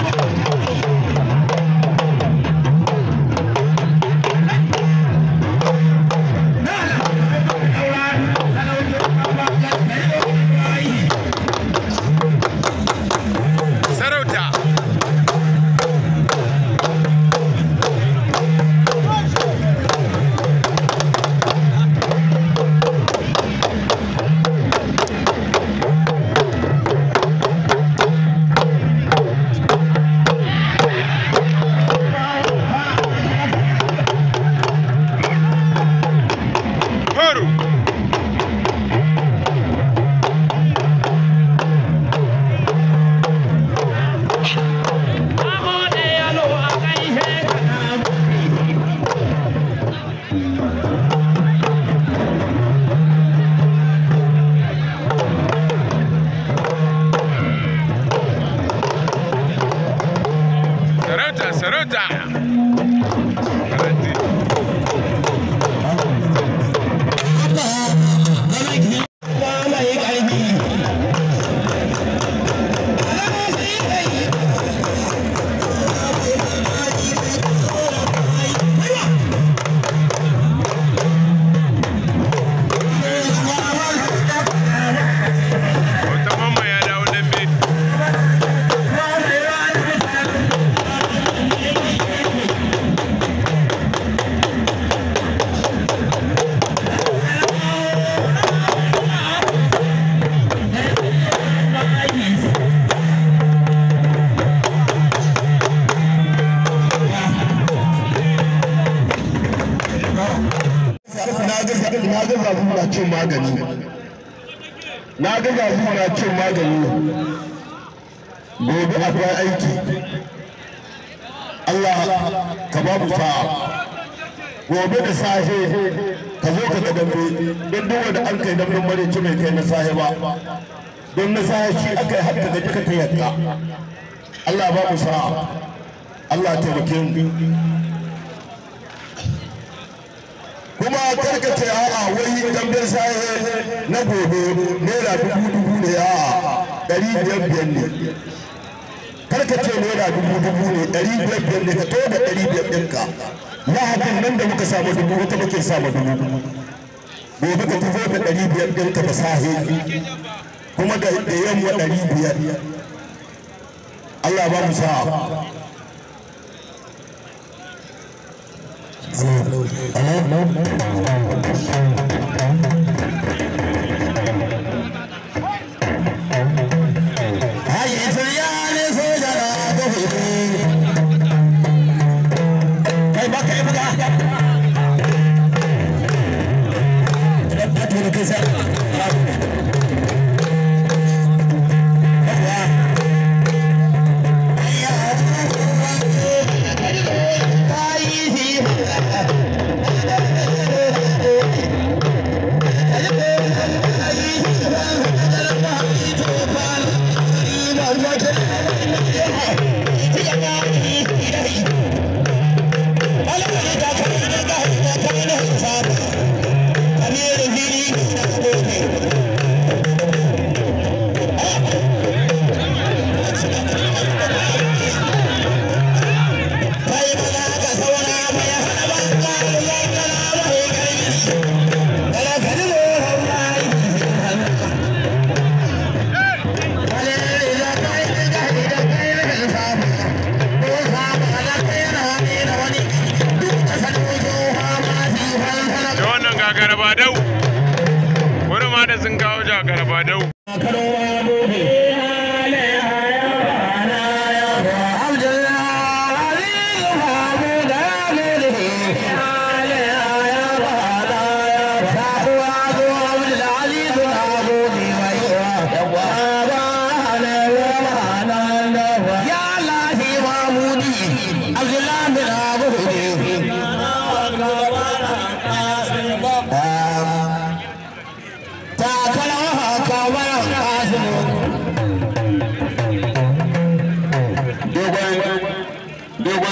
Thank you. ouro. magani na ga gazu na cin magani gobe akwai aiki Allah ka ba mu sa'a gobe da sahe ka zo ka gaban dambe don duk wanda an kai damben mare ci mai kai na sahe ba don na sahe shi aka yi hakka da duka ta yadda Allah ba mu sa'a Allah ta mu kuma karkace a'a wai na gobe naira dubu dubu ne a ɗari biyar biyar ne karka ce naira dubu dubu ne ɗari biyar biyar ne ka to da ɗari biyar ɗinka na hakan nan da muka samu dubu wata muke samu dubu gobe ka tafi da ɗari biyar ɗinka da sahe kuma da yamma ɗari biyar Allah ba mu sa'a Hello. Hello. Hello. I'm not ma da sun kawo dau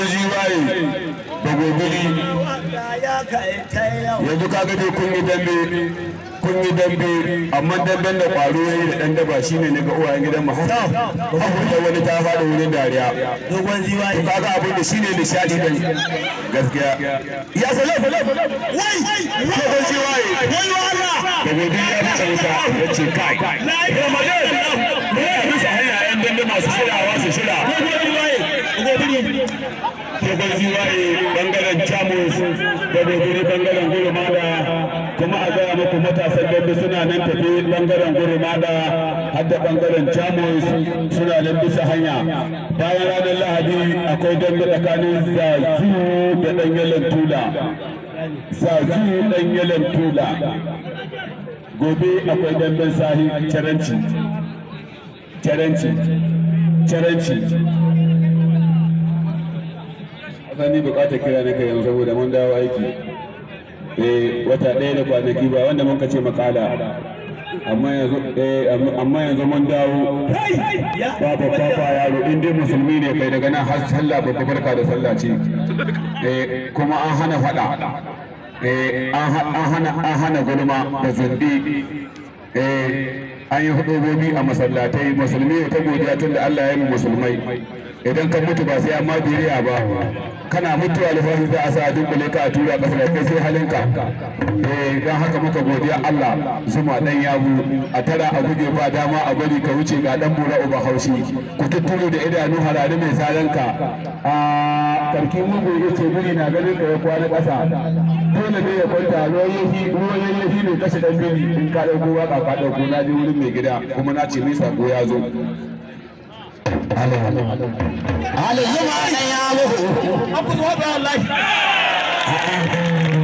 jiwaye da gobiri yanzu kaga dai kun yi dambe kun yi dambe amma damben da kwaro yayi da dan daba shine ne ga uwayen gidan mu har da wani ta fada wurin dariya dogon jiwaye to kaga abin da shine nishadi da gaskiya ya salaf wai dogon jiwaye wai wa da gobiri ya masa wuta yace kai ramadan ne ya musa hanya yan dambe masu shirawa su shira kogon ziwaye bangaren chamus da dogoro bangaren gurumada kuma a gaya muku matasan dambe suna nan tafi bangaren gurumada har da bangaren chamus suna nan bisa hanya bayan ranar lahadi akwai dambe tsakanin zazu da danyelen tula zazu danyelen tula gobe akwai damben sahi caranci caranci caranci sani bukatar kira naka yanzu saboda mun dawo aiki eh wata ɗaya da kwanaki ba wanda mun kace makala amma yanzu eh, amma yanzu mun dawo babu papa yaro in dai musulmi ne kai daga nan har sallah ba barka da sallah ce eh kuma an hana fada eh an hana an hana gulma da zundi eh an yi hudubobi a masallatai musulmi ta godiya tun da Allah ya yi musulmai idan ka mutu ba sai an ma biriya ba kana mutuwa alfahi za a sa a dunkule ka a tura kasar kai sai halinka eh dan haka muka godiya Allah zuma dan yabu a tara a guje ba dama a bari ka wuce ga dan bura uba haushi ku tutturo da idanu harare mai salanka a karki mugu ce guri na ganin ka ya kwana kasa dole ne ya kwanta ruwan yahi ne kashe dan biri in ka dauko waka ka dauko na je wurin mai gida kuma na ce mai sako ya zo Halo halo halo. Halo halo ya. Aku wallahi.